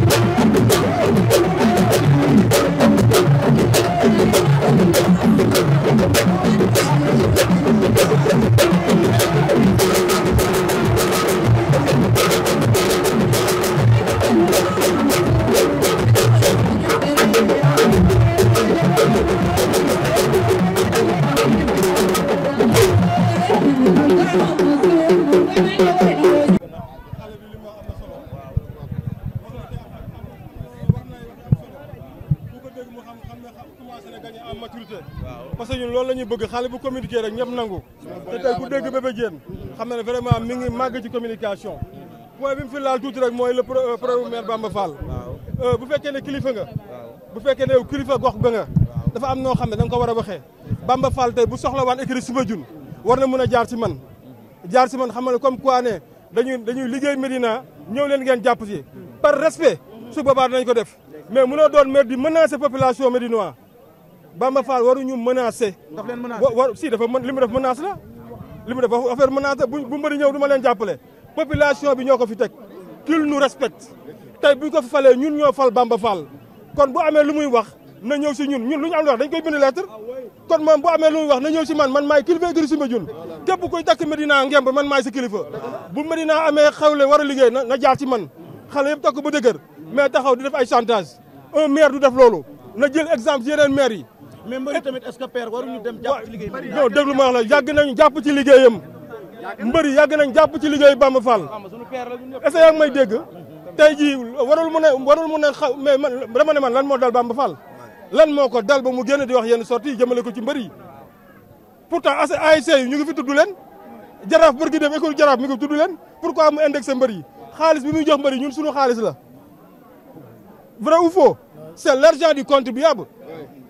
Come on. bëgg xale bu communiqué rek ñëpp nangu te tey ku dégg Bébé Diène xam na ne vraiment mi ngi màgg ci communication point bi mu fi tuuti rek mooy le euh, problème maire Bamba Fall euh, bu fekkee ne kilifa nga bu fekkee ne yow kilifa gox ba nga dafa am noo xam ne da nga ko war a waxee Bamba Fall tey bu soxla waan écrit suba jun war na mën a jaar si man jaar si man xam ne comme quoi ne dañuy dañuy liggéey Médina ñëw leen ngeen jàpp si par respect su boobaa dinañ ko def mais mënoo doon maire di menacer population médinois Bamba Fall waruñu menacé. daf leen menacé war si dafa mën li mu def a la. li mu def affaire menacé bu bu mbëri ñëw du ma leen jàppale population bi ñoo ko fi teg qu'il nous respecte tey bu ñu ko fi falee ñun ñoo fal Bamba Fall kon bu amee lu muy wax na ñëw si ñun ñun lu ñu am lu wax dañ koy bind lettre kon moom bu amee lu muy wax na ñëw si man man maay kilifa écurie Soumbédioune jun képp kuy takk Medina ngemb man maay si kilifa bu Medina amee xewle war a liggéey na jaar ci man xale yëpp takk ba dëgër mais taxaw di def ay chantage un maire def loolu na jël exemple yeneen maire yi mais mbëri tamit est-ce que père waruñu dem jàpp ci liggéey non déglu ma wax nañu jàpp ci liggéeyam mbëri yàgg nañ jàpp ci liggéey Bamba Fall est-ce que yaa ngi may dégg tey jii warul mu ne warul mu ne xaw mais man dama ne man lan moo dal Bamba Fall lan moo ko dal ba mu génn di wax yenn sorti yi jëmale ko ci mbëri yi pourtant as ASC yi ñu ngi fi tudd leen jaraaf bërgi dem école jaraaf mi ngi tudd leen pourquoi mu indexé mbër yi xaalis bi muy jox mbër yi ñun sunu xaalis la vrai ou c'est l'argent du contribuable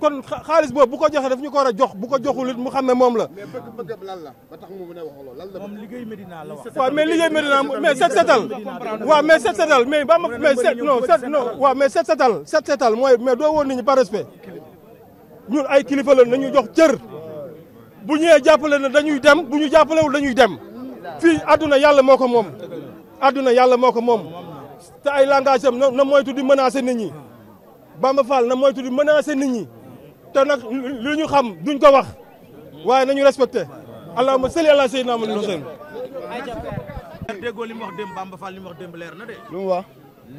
kon xaalis boobu bu ko joxee ñu ko war a jox bu ko joxul mu xam ne moom la. mais bëgg-bëgg la ba tax mu mën a wax loolu lan la. moom liggéey Medina la set setal. waaw mais set setal mais ba ma mais set setal set doo woon nit ñi par respect ñun ay kilifa la nañu jox cër bu ñëwee jàppale na dañuy dem bu ñu jàppalewul dañuy dem fii àdduna yàlla moo ko moom. aduna yàlla moo ko moom te ay langage am na moytu di menacer nit ñi. Bamba Fall na moytu di menacer nit ñi te nag lu ñu xam duñ ko wax waaye nañu respecté allahumma salli ala sayyidina Muhammad seen déggoo li mu wax démb Bamba Fall li mu wax démb leer na de lu mu wax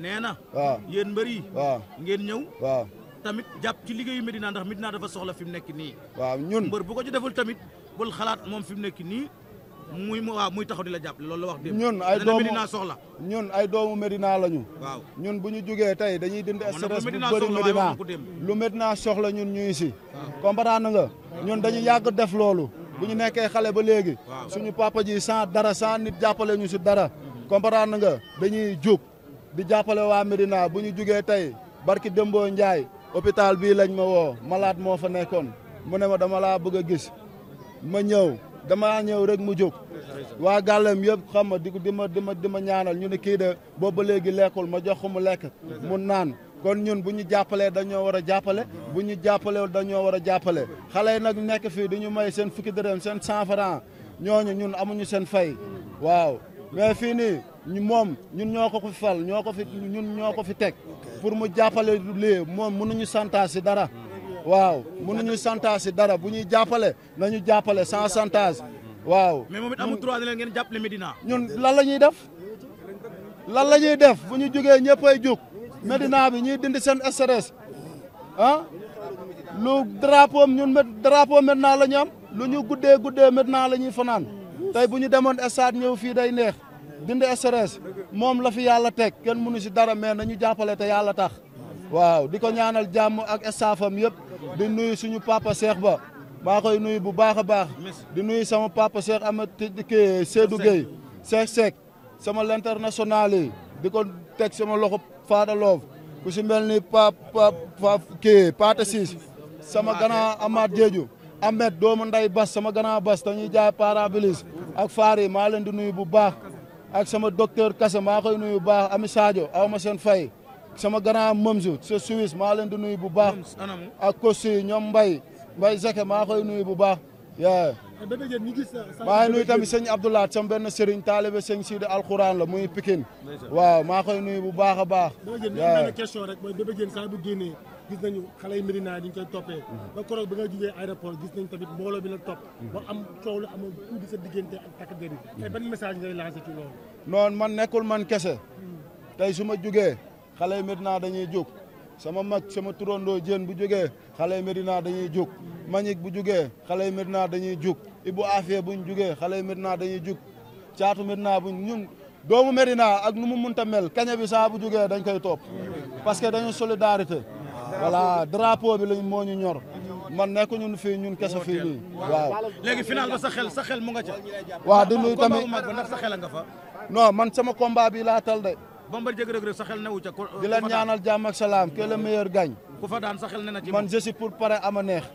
nee na waaw yéen mbër yi waaw ngeen ñëw waaw tamit jàpp ci liggéeyu Medina ndax Medina dafa soxla fi mu nekk nii waaw ñun mbër bu ko ci deful tamit bul xalaat moom fi mu nekk nii muy waaw muy taxaw di la jàppale loolu la wax démb. ñun ay doomu Medina soxla. ñun ay doomu Medina lañu. waaw ñun bu ñu jugee tey dañuy dindi stress bu bëri Medina lu Medina soxla ñun ñuy si. comprendre nga ñun dañu yàgg def loolu. bu ñu nekkee xale ba léegi. suñu papa ji sans dara sans nit jàppale ñu si dara. comprendre nga dañuy jug di jàppale waa Medina bu ñu jugee tey barki Dembo Ndiaye hôpital bii lañ ma woo malaat moo fa nekkoon mu ne ma dama laa bëgg a gis ma ñëw. damaa ñëw rek mu jóg waa gàllam yëpp xam ma di ko di ma di ma di ma ñaanal ñu ne kii de booba léegi lekkul ma jox ko mu lekk mu naan kon ñun bu ñu jàppalee dañoo war a jàppale bu ñu jàppalewul dañoo war a jàppale xale yi nag nekk fii du ñu seen fukki dërëm seen cent franc ñooñu ñun amuñu seen fay waaw mais fii nii moom ñun ñoo ko fi ñoo ko fi ñun ñoo ko fi teg pour mu jàppale lii moom mënuñu santaas si dara waaw mënuñu chantage si dara bu ñuy jàppale nañu jàppale sans chantage waaw. mais moom it amul droit leen ngeen jàppale Medina. ñun lan la ñuy def lan la ñuy def bu ñu jógee ñëppay jóg Medina bi ñuy dindi seen stress ah lu drapeau ñun drapeau maintenant la ñu am lu ñu guddee guddee maintenant la ñuy fanaan tey bu ñu demoon stade ñëw fii day neex dindi stress moom la fi yàlla teg kenn mënu si dara na ñu jàppale te yàlla tax. waaw di ko ñaanal jàmm ak staffam yëpp di nuyu suñu papa Cheikh Ba maa koy nuyu bu baax a baax di nuyu sama papa Cheikh Amath kii Seydou Gueye Cheikh Seck sama l'international yi di ko teg sama loxo Fada Love ku si mel ni pa pa kii Pata sama gannaaw Amath Diédhiou Ahmed doomu nday Bas sama gannaaw Bas dañuy jaay parabilis ak faar maa leen di nuyu bu baax ak sama docteur Kassa maa koy nuyu bu baax Ami Sadio seen fay sama grand Momzo sa Suisse maa leen di nuyu bu baax. ak Kosi ñoom mbay Mbaye Zeke maa koy nuyu bu baax. yaa eh, euh, maa ngi nuyu tamit sëñ Abdoulaye sama benn sëriñ taalibe sëñ Sidi alxuraan la muy Pikine. waaw maa koy nuyu bu baax a baax. yaa question rek mooy Bébé Diène saa bu génnee gis nañu xale yi Médina dañ koy toppee. Mhm. ba koroog ba nga jugee aéroport gis nañ tamit mbooloo bi la topp. Mhm. ba am coow la amoon tuuti sa diggante ak takk der yi. Mhm. message ngay lancé ci loolu. non man nekkul man kese. tey su ma jugee. xale yi Medina dañuy jóg sama mag sama turandoo Diène bu jógee xale yi Medina dañuy jóg Manick bu jógee xale yi Medina dañuy jóg Ibou Afia buñ jógee xale yi Medina dañuy jóg caatu Medina buñ ñun doomu Medina ak nu mu munta mel kaña bi saa bu jógee dañ koy topp parce que dañu solidarité voilà drapeau bi lañ moo ñu ñor man nekk ñun fii ñun kese fii nii waaw. léegi xel mu nga ca. waaw di nuyu tamit waaw man sama combat bi laa tal de. Bombardier Reug Reug sa xel newu ca di leen ñaanal jàmm ak salaam que le meilleur gagne ku fa daan sa xel na ci man je suis pour pare ama neex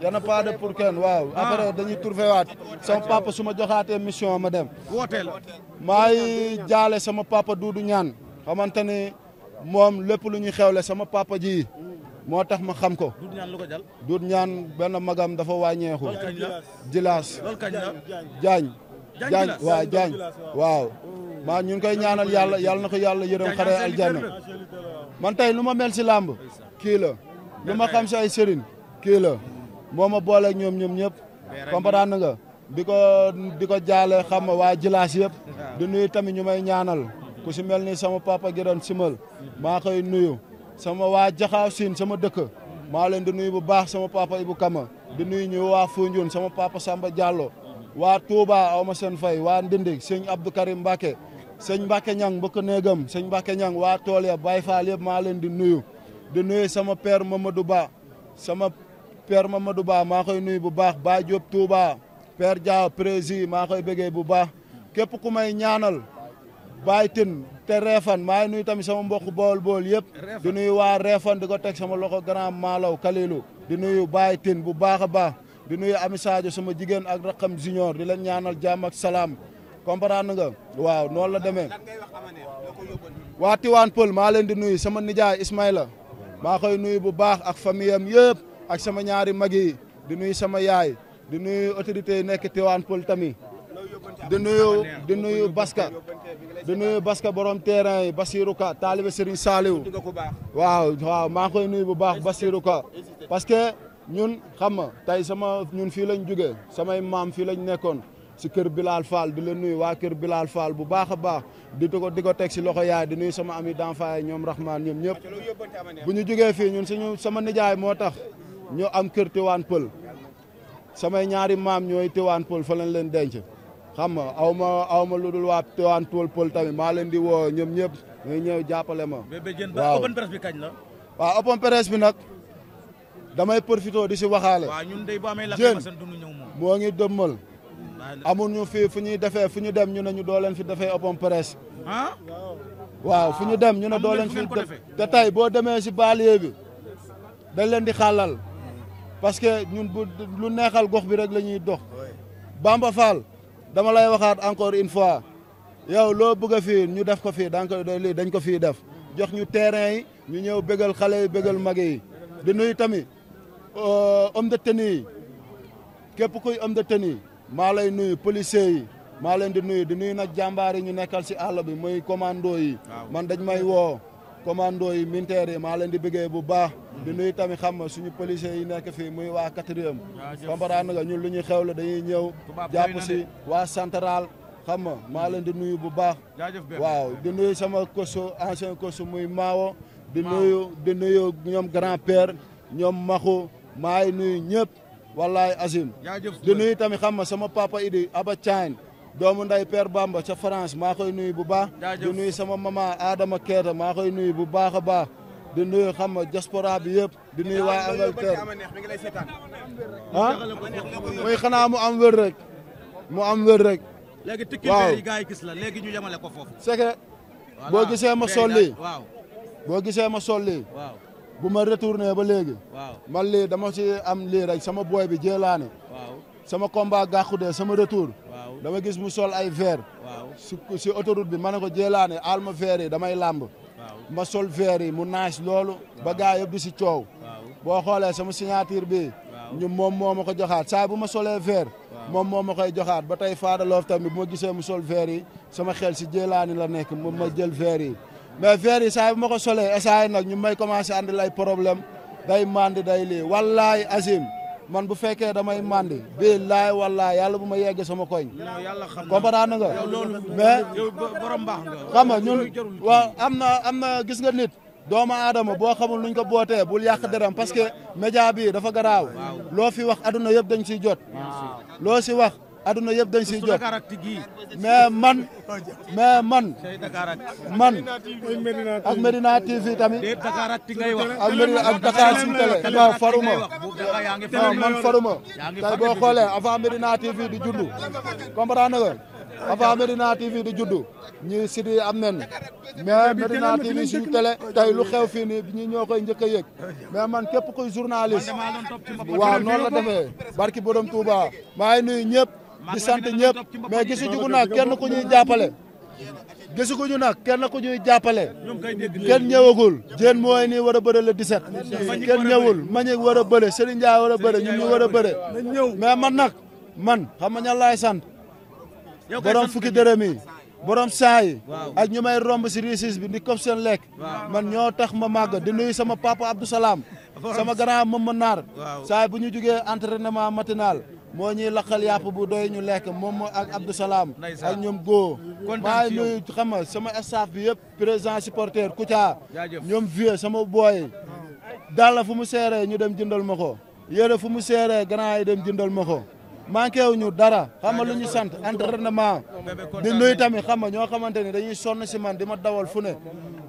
yana pas de pour kenn waaw ah. après dañuy trouvé waat sama papa su ma joxaatee mission ma dem wooteel maay jaale sama papa Duudu ñaan xamante ni moom lépp lu ñuy xewle sama papa ji moo tax ma xam ko. duut ñaan lu ko jal duut ñaan benn magam dafa wàññeeku. jilaas loolu kañ la waaw. maa ñu ngi koy ñaanal yàlla yàlla na ko yàlla yërëm xare aljanna man tey lu ma mel si làmb kii la lu ma xam si ay sëriñ kii la moo ma booleeg ñoom ñoom ñëpp comprendre nga di ko di ko jaale xam waa jilaas yëpp di nuyu tamit ñu may ñaanal ku si mel ni sama papa gi doon simal maa koy nuyu sama waa jaxaaw siin sama dëkk maa leen di nuyu bu baax sama papa Ibou Kama di nuyu ñu waa Foundiougne sama papa Samba Diallo waa Touba aw ma sen fay waa Ndindi sëñ Abdou sëñ Mbacke Niang mbokk néegam sëñ Mbacke Niang waa tool ya Baye Fall maa leen di nuyu di nuyu sama père du Ba sama père du Ba maa koy nuyu bu baax Ba Diop Touba père Dia prési maa koy bëggee bu baax képp ku may ñaanal Baye Tine te reefan maa ngi nuyu tamit sama mbokk bool bool yëpp di nuyu waa reefan di ko teg sama loxo grand maalaw Kalilu di nuyu Baye Tine bu baax a baax di nuyu Ami sama jigéen ak rakam junior di leen ñaanal jàmm ak salaam comprendre nga waaw noonu la demee waa Tiwaan Pël maa leen di nuyu sama nijaay Ismaïla maa koy nuyu bu baax ak famille am yëpp ak sama ñaari mag yi di nuyu sama yaay di nuyu autorités yi nekk Tiwaan Pël tamit di nuyu di nuyu Baska di nuyu Baska borom terrain yi Basirou Ka taalibe Serigne Saliou waaw waaw maa koy nuyu bu baax Basirou parce que ñun xama nga tey sama ñun fii lañ jógee samay maam fii lañ nekkoon si kër Bilal Fall di la nuyu waa kër Bilal Fall bu baax a baax di ko di ko teg si loxo yaay di nuyu sama ami d'enfance ñoom Rahman ñoom ñëpp bu ñu jugee fii ñun suñu sama nijaay moo tax ñoo am kër Tiwaan Pël samay ñaari maam ñooy Tiwaan Pël fa lañ leen denc xam nga aw ma aw ma lu dul waa Tiwaan Pël tamit maa leen di woo ñoom ñëpp ñooy ñëw jàppale ma. waaw open press bi kañ la. waaw bi nag damay profité di si waxaale. waaw ñun day bu amee lakk ma seen dund ñëw amun ñu fii fu ñuy defee fu ñu dem ñu ne ñu doo fi defee open presse ah waaw fu ñu dem ñu ne dooleen leen fi def te boo demee si banlieue bi dañ leen di xàllal parce que ñun bu lu neexal gox bi rek la ñuy dox Bamba Fall dama lay waxaat encore une fois yow loo bëgg a ñu def ko fii daan ko lii dañ ko fii def jox ñu terrain yi ñu ñëw bégal xale yi bégal mag yi di nuyu tamit euh, homme de tenue yi képp kuy homme de tenue maa lay nuyu policiers yi maa leen di nuyu di nuyu nag jàmbaar yi ñu nekkal si àll bi muy commando yi man dañ may woo commando yi militaire yi maa leen di bëggee bu baax di nuyu tamit xam nga suñu policiers yi nekk fii muy waa quatrième comprendre nga ñun lu ñuy xewle dañuy ñëw jàpp si waa central xam nga maa leen di nuyu bu baax waaw di nuyu sama kosu ancien kosu muy maawo di nuyu di nuyu ñoom grand père ñoom maxu maay nuyu ñëpp wallaay Azim. di nuyu tamit xam ma sama papa Idi Aba Thiagne doomu nday Père Bamba ca France maa koy nuyu bu baax. di sama mama Adama Keeta maa koy nuyu bu baax a baax. di xam nga diaspora bi yëpp di nuyu waa Angleterre ah mooy xanaa mu am wér rek mu am wér rek. waaw gis la léegi ñu yemale ko foofu. boo gisee ma solli. waaw boo gisee ma sol waaw bu ma retourné ba léegi. waaw man lii dama ci am liir rek sama booy bi jëlaane. waaw sama combat gàqudee sama retour. dama gis mu sol ay verre. waaw si si bi ma ne ko jëlaane aal ma verre yi damay làmb. ma sol verre yi mu naaj loolu. ba gaa yëpp di si coow. boo xoolee sama signature bi ñu moom moo ma ko joxaat saa bu ma solee verre. moom moo ma koy joxaat ba tey Fada Love tamit bu ma gisee mu sol verre yi sama xel si jëlaani la nekk moom ma jël verre yi. mais verre yi saa bu ma ko solee essayé nag ñu may commencé andi lay problème day mandi day lii wallaay azim man bu fekkee damay mandi billaay wallaay yàlla bu ma yegg sama koñ. comprendre na nga mais xam nga ñun waaw am na am na gis nga nit doomu aadama boo xamul nuñ ko bootee bul yàq deram parce que média bi dafa garaaw loo fi wax aduna yëpp dañ siy jot loo si wax aduna yëpp dañ siy jot mais man mais man man ak Medina TV tamit ak Medina ak Dakar suñu télé faruma non man faruma tey boo xoolee avant Medina TV di juddu comprendre nga avant Medina TV di juddu ñi sidi am nañ Medina TV suñu télé tey lu xew fii nii ñi ñoo koy njëkk a yëg mais man képp kuy journaliste waaw noonu la defee barki borom Touba maa ngi nuyu di sant ñëpp mais gisuñu nag kenn ku ñuy jàppale. ñu nag kenn ku ñuy jàppale. kenn ñëwagul. jéen mooy nii war a bëre le 17. kenn ñëwul mañi war a bëre Serigne Ndiaye war a bëre ñun ñu war a bëre. mais man nag man xam nga ñan laay sant. borom fukki dërëm borom saa yi ak ñu may romb si riisis bi ni kof seen lekk man ñoo tax ma màgg di nuy sama papa Abdou Salaam sama grand mam ma naar saa bu ñu jugee entraînement matinal moo ñuy laqal yàpp bu doy ñu lekk moom ak Abdou Salaam ak ñoom góo maa ngi nuyu xam nga sama staff bi yëpp président supporter Kouthia ñoom vieux sama booy dalla fu mu seeree ñu dem jëndal ma ko yére fu mu seeree grand yi dem jëndal ma ko manqué wu ñu dara xam nga lu ñu sant entraînement di nuyu tamit xam nga ñoo xamante ni dañuy sonn si man di ma dawal fu ne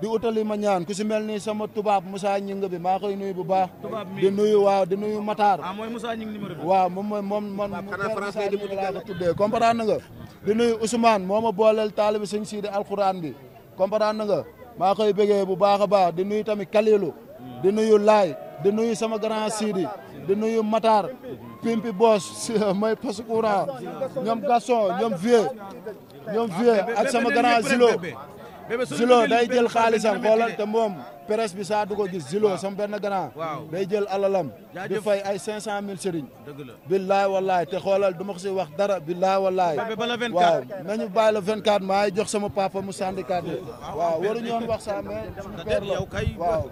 di utali ma ñaan ku si mel ni sama tubaab Moussa Ñing bi maa koy nuyu bu baax di nuyu waaw di nuyu Matar ah, waaw moom mooy moom man Moussa Ñing laa ko tuddee comprendre nga di nuyu Ousmane moo ma booleel taalibi sëñ Sidi alxuraan bi comprendre nga maa koy bëggee bu baax a baax di nuyu tamit Kalilu di nuyu Laay di nuyu sama grand Sidi di nuyu Matar Pimpi Boss mooy Passe Courant ñoom Gasson ak sama grand Zilo Zilo day jël xaalisam xoolal te moom bi saa du ko gis Zilo sama benn grand day jël alalam di fay ay 500000 sëriñ billaay wallaay te xoolal du si wax dara billaay wallaay waaw nañu bàyyi la 24 maa jox sama papa mu syndicat bi waaw waru wax sa mais waaw